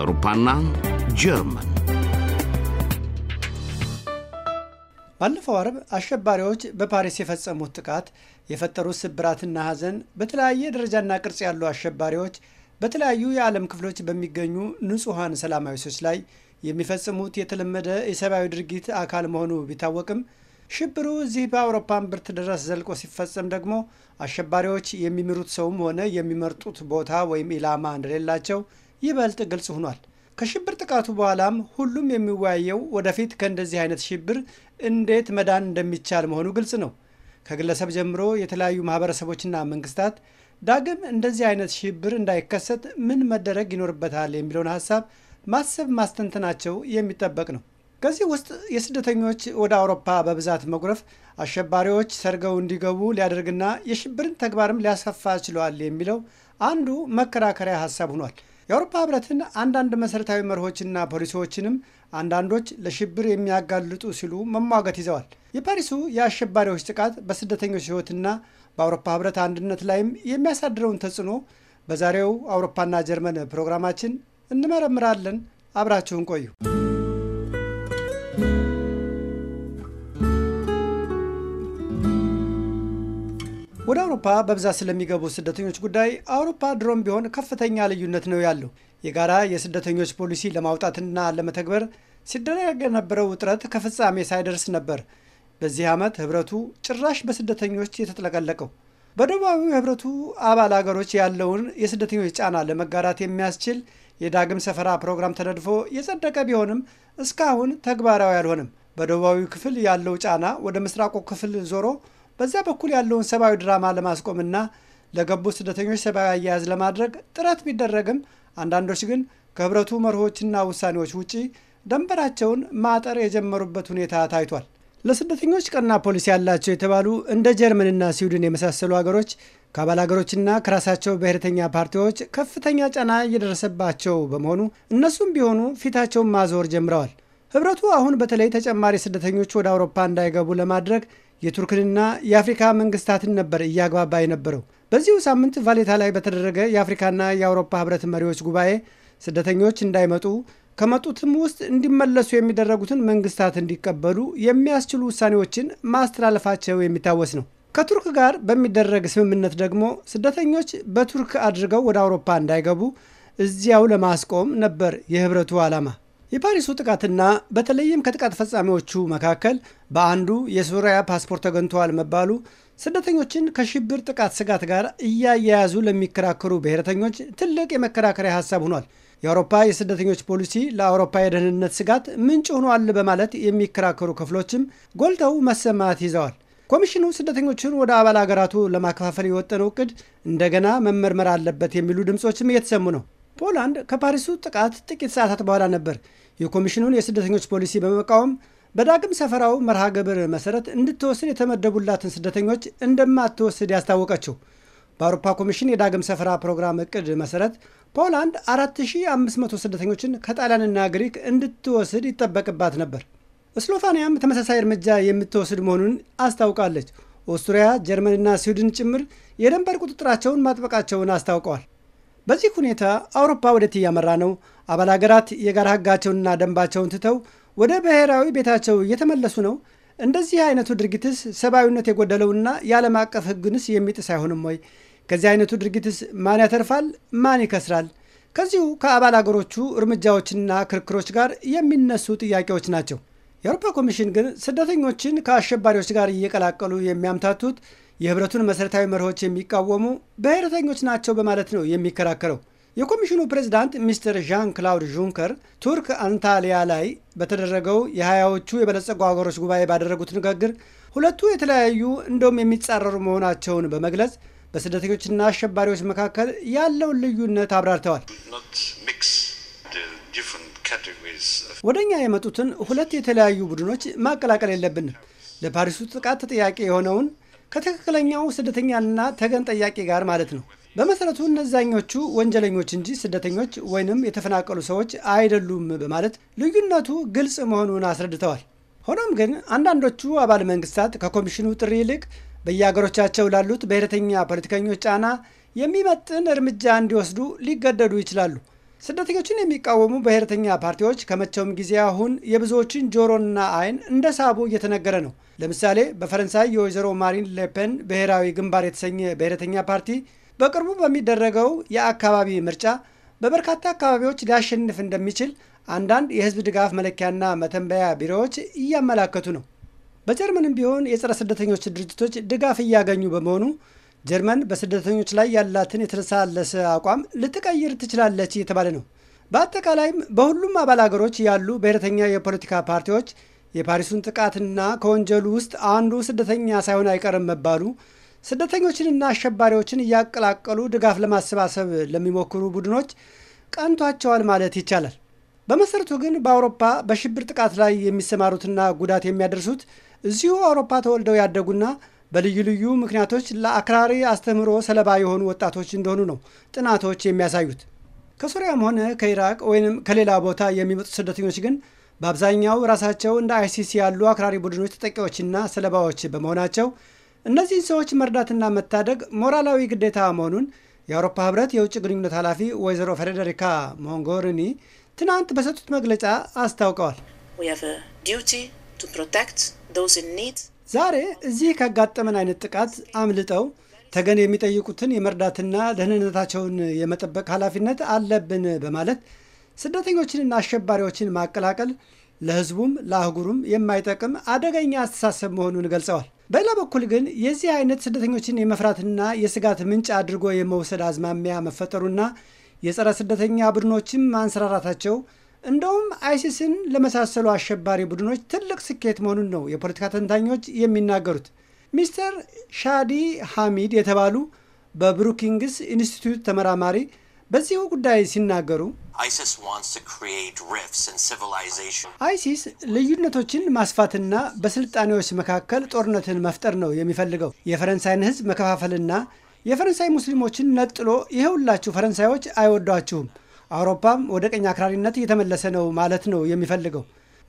አውሮፓና ጀርመን ባለፈው አርብ አሸባሪዎች በፓሪስ የፈጸሙት ጥቃት የፈጠሩት ስብራትና ሐዘን በተለያየ ደረጃና ቅርጽ ያሉ አሸባሪዎች በተለያዩ የዓለም ክፍሎች በሚገኙ ንጹሐን ሰላማዊ ሰዎች ላይ የሚፈጽሙት የተለመደ የሰብአዊ ድርጊት አካል መሆኑ ቢታወቅም ሽብሩ እዚህ በአውሮፓን ብርት ድረስ ዘልቆ ሲፈጸም ደግሞ አሸባሪዎች የሚምሩት ሰውም ሆነ የሚመርጡት ቦታ ወይም ኢላማ እንደሌላቸው ይበልጥ ግልጽ ሆኗል። ከሽብር ጥቃቱ በኋላም ሁሉም የሚወያየው ወደፊት ከእንደዚህ አይነት ሽብር እንዴት መዳን እንደሚቻል መሆኑ ግልጽ ነው። ከግለሰብ ጀምሮ የተለያዩ ማህበረሰቦችና መንግስታት ዳግም እንደዚህ አይነት ሽብር እንዳይከሰት ምን መደረግ ይኖርበታል የሚለውን ሀሳብ ማሰብ ማስተንተናቸው የሚጠበቅ ነው። ከዚህ ውስጥ የስደተኞች ወደ አውሮፓ በብዛት መጉረፍ አሸባሪዎች ሰርገው እንዲገቡ ሊያደርግና የሽብርን ተግባርም ሊያሰፋ ችሏል የሚለው አንዱ መከራከሪያ ሀሳብ ሆኗል። የአውሮፓ ህብረትን አንዳንድ መሰረታዊ መርሆችና ፖሊሲዎችንም አንዳንዶች ለሽብር የሚያጋልጡ ሲሉ መሟገት ይዘዋል። የፓሪሱ የአሸባሪዎች ጥቃት በስደተኞች ህይወትና በአውሮፓ ህብረት አንድነት ላይም የሚያሳድረውን ተጽዕኖ በዛሬው አውሮፓና ጀርመን ፕሮግራማችን እንመረምራለን። አብራችሁን ቆዩ። አውሮፓ በብዛት ስለሚገቡ ስደተኞች ጉዳይ አውሮፓ ድሮም ቢሆን ከፍተኛ ልዩነት ነው ያለው። የጋራ የስደተኞች ፖሊሲ ለማውጣትና ለመተግበር ሲደረግ የነበረው ውጥረት ከፍጻሜ ሳይደርስ ነበር በዚህ ዓመት ህብረቱ ጭራሽ በስደተኞች የተጥለቀለቀው። በደቡባዊ ህብረቱ አባል አገሮች ያለውን የስደተኞች ጫና ለመጋራት የሚያስችል የዳግም ሰፈራ ፕሮግራም ተነድፎ የጸደቀ ቢሆንም እስካሁን ተግባራዊ አልሆነም። በደቡባዊ ክፍል ያለው ጫና ወደ ምስራቁ ክፍል ዞሮ በዚያ በኩል ያለውን ሰብአዊ ድራማ ለማስቆምና ለገቡ ስደተኞች ሰብአዊ አያያዝ ለማድረግ ጥረት ቢደረግም አንዳንዶች ግን ከህብረቱ መርሆችና ውሳኔዎች ውጪ ደንበራቸውን ማጠር የጀመሩበት ሁኔታ ታይቷል። ለስደተኞች ቀና ፖሊሲ ያላቸው የተባሉ እንደ ጀርመንና ስዊድን የመሳሰሉ ሀገሮች ከአባል ሀገሮችና ከራሳቸው ብሔርተኛ ፓርቲዎች ከፍተኛ ጫና እየደረሰባቸው በመሆኑ እነሱም ቢሆኑ ፊታቸውን ማዞር ጀምረዋል። ህብረቱ አሁን በተለይ ተጨማሪ ስደተኞች ወደ አውሮፓ እንዳይገቡ ለማድረግ የቱርክንና የአፍሪካ መንግስታትን ነበር እያግባባ የነበረው። በዚሁ ሳምንት ቫሌታ ላይ በተደረገ የአፍሪካና የአውሮፓ ህብረት መሪዎች ጉባኤ ስደተኞች እንዳይመጡ ከመጡትም ውስጥ እንዲመለሱ የሚደረጉትን መንግስታት እንዲቀበሉ የሚያስችሉ ውሳኔዎችን ማስተላለፋቸው የሚታወስ ነው። ከቱርክ ጋር በሚደረግ ስምምነት ደግሞ ስደተኞች በቱርክ አድርገው ወደ አውሮፓ እንዳይገቡ እዚያው ለማስቆም ነበር የህብረቱ ዓላማ። የፓሪሱ ጥቃትና በተለይም ከጥቃት ፈጻሚዎቹ መካከል በአንዱ የሱሪያ ፓስፖርት ተገንተዋል መባሉ ስደተኞችን ከሽብር ጥቃት ስጋት ጋር እያያያዙ ለሚከራከሩ ብሔረተኞች ትልቅ የመከራከሪያ ሀሳብ ሆኗል። የአውሮፓ የስደተኞች ፖሊሲ ለአውሮፓ የደህንነት ስጋት ምንጭ ሆኗል በማለት የሚከራከሩ ክፍሎችም ጎልተው መሰማት ይዘዋል። ኮሚሽኑ ስደተኞችን ወደ አባል አገራቱ ለማከፋፈል የወጠነው እቅድ እንደገና መመርመር አለበት የሚሉ ድምፆችም እየተሰሙ ነው። ፖላንድ ከፓሪሱ ጥቃት ጥቂት ሰዓታት በኋላ ነበር የኮሚሽኑን የስደተኞች ፖሊሲ በመቃወም በዳግም ሰፈራው መርሃ ግብር መሰረት እንድትወስድ የተመደቡላትን ስደተኞች እንደማትወስድ ያስታወቀችው። በአውሮፓ ኮሚሽን የዳግም ሰፈራ ፕሮግራም እቅድ መሰረት ፖላንድ 4500 ስደተኞችን ከጣሊያንና ግሪክ እንድትወስድ ይጠበቅባት ነበር። ስሎፋኒያም ተመሳሳይ እርምጃ የምትወስድ መሆኑን አስታውቃለች። ኦስትሪያ፣ ጀርመንና ስዊድን ጭምር የደንበር ቁጥጥራቸውን ማጥበቃቸውን አስታውቀዋል። በዚህ ሁኔታ አውሮፓ ወደት እያመራ ነው? አባል ሀገራት የጋራ ህጋቸውንና ደንባቸውን ትተው ወደ ብሔራዊ ቤታቸው እየተመለሱ ነው? እንደዚህ አይነቱ ድርጊትስ ሰብአዊነት የጎደለውና የዓለም አቀፍ ህግንስ የሚጥስ አይሆንም ወይ? ከዚህ አይነቱ ድርጊትስ ማን ያተርፋል? ማን ይከስራል? ከዚሁ ከአባል አገሮቹ እርምጃዎችና ክርክሮች ጋር የሚነሱ ጥያቄዎች ናቸው። የአውሮፓ ኮሚሽን ግን ስደተኞችን ከአሸባሪዎች ጋር እየቀላቀሉ የሚያምታቱት የህብረቱን መሰረታዊ መርሆች የሚቃወሙ ብሔረተኞች ናቸው በማለት ነው የሚከራከረው። የኮሚሽኑ ፕሬዝዳንት ሚስተር ዣን ክላውድ ጁንከር ቱርክ አንታሊያ ላይ በተደረገው የሀያዎቹ የበለጸጉ ሀገሮች ጉባኤ ባደረጉት ንግግር ሁለቱ የተለያዩ እንደውም የሚጻረሩ መሆናቸውን በመግለጽ በስደተኞችና አሸባሪዎች መካከል ያለውን ልዩነት አብራርተዋል። uh, ወደ እኛ የመጡትን ሁለት የተለያዩ ቡድኖች ማቀላቀል የለብንም። ለፓሪሱ ጥቃት ተጠያቂ የሆነውን ከትክክለኛው ስደተኛና ተገን ጠያቂ ጋር ማለት ነው። በመሰረቱ እነዛኞቹ ወንጀለኞች እንጂ ስደተኞች ወይንም የተፈናቀሉ ሰዎች አይደሉም በማለት ልዩነቱ ግልጽ መሆኑን አስረድተዋል። ሆኖም ግን አንዳንዶቹ አባል መንግስታት ከኮሚሽኑ ጥሪ ይልቅ በየሀገሮቻቸው ላሉት ብሔረተኛ ፖለቲከኞች ጫና የሚመጥን እርምጃ እንዲወስዱ ሊገደዱ ይችላሉ። ስደተኞችን የሚቃወሙ ብሔርተኛ ፓርቲዎች ከመቼውም ጊዜ አሁን የብዙዎችን ጆሮና አይን እንደ ሳቡ እየተነገረ ነው። ለምሳሌ በፈረንሳይ የወይዘሮ ማሪን ሌፔን ብሔራዊ ግንባር የተሰኘ ብሔርተኛ ፓርቲ በቅርቡ በሚደረገው የአካባቢ ምርጫ በበርካታ አካባቢዎች ሊያሸንፍ እንደሚችል አንዳንድ የህዝብ ድጋፍ መለኪያና መተንበያ ቢሮዎች እያመላከቱ ነው። በጀርመንም ቢሆን የጸረ ስደተኞች ድርጅቶች ድጋፍ እያገኙ በመሆኑ ጀርመን በስደተኞች ላይ ያላትን የተለሳለሰ አቋም ልትቀይር ትችላለች እየተባለ ነው። በአጠቃላይም በሁሉም አባል አገሮች ያሉ ብሔረተኛ የፖለቲካ ፓርቲዎች የፓሪሱን ጥቃትና ከወንጀሉ ውስጥ አንዱ ስደተኛ ሳይሆን አይቀርም መባሉ ስደተኞችንና አሸባሪዎችን እያቀላቀሉ ድጋፍ ለማሰባሰብ ለሚሞክሩ ቡድኖች ቀንቷቸዋል ማለት ይቻላል። በመሰረቱ ግን በአውሮፓ በሽብር ጥቃት ላይ የሚሰማሩትና ጉዳት የሚያደርሱት እዚሁ አውሮፓ ተወልደው ያደጉና በልዩ ልዩ ምክንያቶች ለአክራሪ አስተምህሮ ሰለባ የሆኑ ወጣቶች እንደሆኑ ነው ጥናቶች የሚያሳዩት። ከሱሪያም ሆነ ከኢራቅ ወይም ከሌላ ቦታ የሚመጡ ስደተኞች ግን በአብዛኛው ራሳቸው እንደ አይሲስ ያሉ አክራሪ ቡድኖች ተጠቂዎችና ሰለባዎች በመሆናቸው እነዚህን ሰዎች መርዳትና መታደግ ሞራላዊ ግዴታ መሆኑን የአውሮፓ ህብረት የውጭ ግንኙነት ኃላፊ ወይዘሮ ፌዴሪካ ሞንጎሪኒ ትናንት በሰጡት መግለጫ አስታውቀዋል። ዛሬ እዚህ ካጋጠመን አይነት ጥቃት አምልጠው ተገን የሚጠይቁትን የመርዳትና ደህንነታቸውን የመጠበቅ ኃላፊነት አለብን በማለት ስደተኞችንና አሸባሪዎችን ማቀላቀል ለሕዝቡም ለአህጉሩም የማይጠቅም አደገኛ አስተሳሰብ መሆኑን ገልጸዋል። በሌላ በኩል ግን የዚህ አይነት ስደተኞችን የመፍራትና የስጋት ምንጭ አድርጎ የመውሰድ አዝማሚያ መፈጠሩና የጸረ ስደተኛ ቡድኖችም ማንሰራራታቸው እንደውም አይሲስን ለመሳሰሉ አሸባሪ ቡድኖች ትልቅ ስኬት መሆኑን ነው የፖለቲካ ተንታኞች የሚናገሩት። ሚስተር ሻዲ ሐሚድ የተባሉ በብሩኪንግስ ኢንስቲትዩት ተመራማሪ በዚሁ ጉዳይ ሲናገሩ አይሲስ ልዩነቶችን ማስፋትና በስልጣኔዎች መካከል ጦርነትን መፍጠር ነው የሚፈልገው። የፈረንሳይን ሕዝብ መከፋፈልና የፈረንሳይ ሙስሊሞችን ነጥሎ ይኸውላችሁ ፈረንሳዮች አይወዷችሁም አውሮፓም ወደ ቀኝ አክራሪነት እየተመለሰ ነው ማለት ነው የሚፈልገው።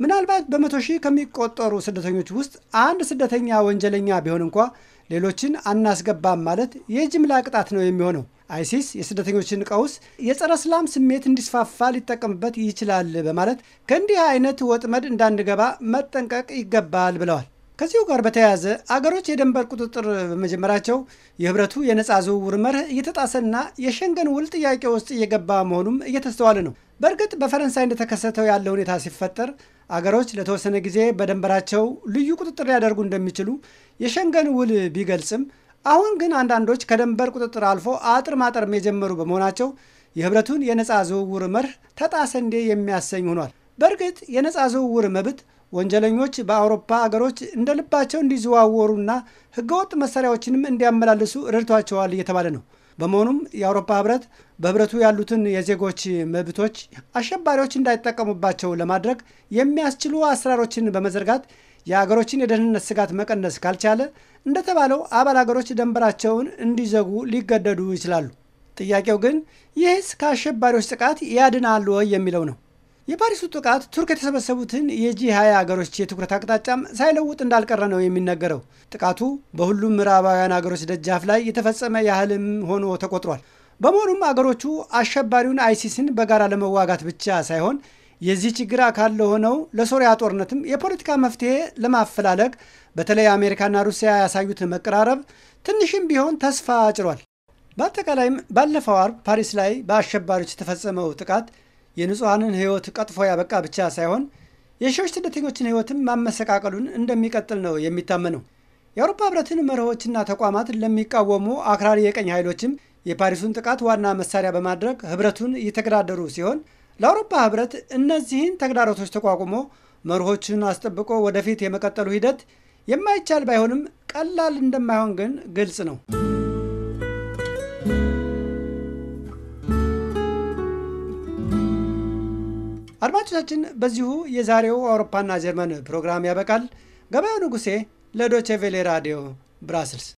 ምናልባት በመቶ ሺህ ከሚቆጠሩ ስደተኞች ውስጥ አንድ ስደተኛ ወንጀለኛ ቢሆን እንኳ ሌሎችን አናስገባም ማለት የጅምላ ቅጣት ነው የሚሆነው። አይሲስ የስደተኞችን ቀውስ የጸረ እስላም ስሜት እንዲስፋፋ ሊጠቀምበት ይችላል በማለት ከእንዲህ አይነት ወጥመድ እንዳንገባ መጠንቀቅ ይገባል ብለዋል። ከዚሁ ጋር በተያያዘ አገሮች የድንበር ቁጥጥር በመጀመራቸው የህብረቱ የነፃ ዝውውር መርህ እየተጣሰና የሸንገን ውል ጥያቄ ውስጥ እየገባ መሆኑም እየተስተዋለ ነው። በእርግጥ በፈረንሳይ እንደተከሰተው ያለ ሁኔታ ሲፈጠር አገሮች ለተወሰነ ጊዜ በድንበራቸው ልዩ ቁጥጥር ሊያደርጉ እንደሚችሉ የሸንገን ውል ቢገልጽም አሁን ግን አንዳንዶች ከድንበር ቁጥጥር አልፎ አጥር ማጠርም የጀመሩ በመሆናቸው የህብረቱን የነፃ ዝውውር መርህ ተጣሰ እንዴ የሚያሰኝ ሆኗል። በእርግጥ የነፃ ዝውውር መብት ወንጀለኞች በአውሮፓ አገሮች እንደ ልባቸው እንዲዘዋወሩና ህገወጥ መሳሪያዎችንም እንዲያመላልሱ ረድቷቸዋል እየተባለ ነው። በመሆኑም የአውሮፓ ህብረት በህብረቱ ያሉትን የዜጎች መብቶች አሸባሪዎች እንዳይጠቀሙባቸው ለማድረግ የሚያስችሉ አሰራሮችን በመዘርጋት የአገሮችን የደህንነት ስጋት መቀነስ ካልቻለ እንደተባለው አባል አገሮች ደንበራቸውን እንዲዘጉ ሊገደዱ ይችላሉ። ጥያቄው ግን ይህስ ከአሸባሪዎች ጥቃት ያድናሉ ወይ የሚለው ነው። የፓሪሱ ጥቃት ቱርክ የተሰበሰቡትን የጂ ሀያ አገሮች የትኩረት አቅጣጫም ሳይለውጥ እንዳልቀረ ነው የሚነገረው። ጥቃቱ በሁሉም ምዕራባውያን ሀገሮች ደጃፍ ላይ የተፈጸመ ያህልም ሆኖ ተቆጥሯል። በመሆኑም አገሮቹ አሸባሪውን አይሲስን በጋራ ለመዋጋት ብቻ ሳይሆን የዚህ ችግር አካል ለሆነው ለሶሪያ ጦርነትም የፖለቲካ መፍትሄ ለማፈላለግ በተለይ አሜሪካና ሩሲያ ያሳዩት መቀራረብ ትንሽም ቢሆን ተስፋ አጭሯል። በአጠቃላይም ባለፈው አርብ ፓሪስ ላይ በአሸባሪዎች የተፈጸመው ጥቃት የንጹሐንን ህይወት ቀጥፎ ያበቃ ብቻ ሳይሆን የሺዎች ስደተኞችን ህይወትም ማመሰቃቀሉን እንደሚቀጥል ነው የሚታመነው። የአውሮፓ ህብረትን መርሆችና ተቋማት ለሚቃወሙ አክራሪ የቀኝ ኃይሎችም የፓሪሱን ጥቃት ዋና መሳሪያ በማድረግ ህብረቱን እየተገዳደሩ ሲሆን ለአውሮፓ ህብረት እነዚህን ተግዳሮቶች ተቋቁሞ መርሆቹን አስጠብቆ ወደፊት የመቀጠሉ ሂደት የማይቻል ባይሆንም ቀላል እንደማይሆን ግን ግልጽ ነው። አድማጮቻችን፣ በዚሁ የዛሬው አውሮፓና ጀርመን ፕሮግራም ያበቃል። ገበያው ንጉሴ ለዶቼ ቬሌ ራዲዮ ብራስልስ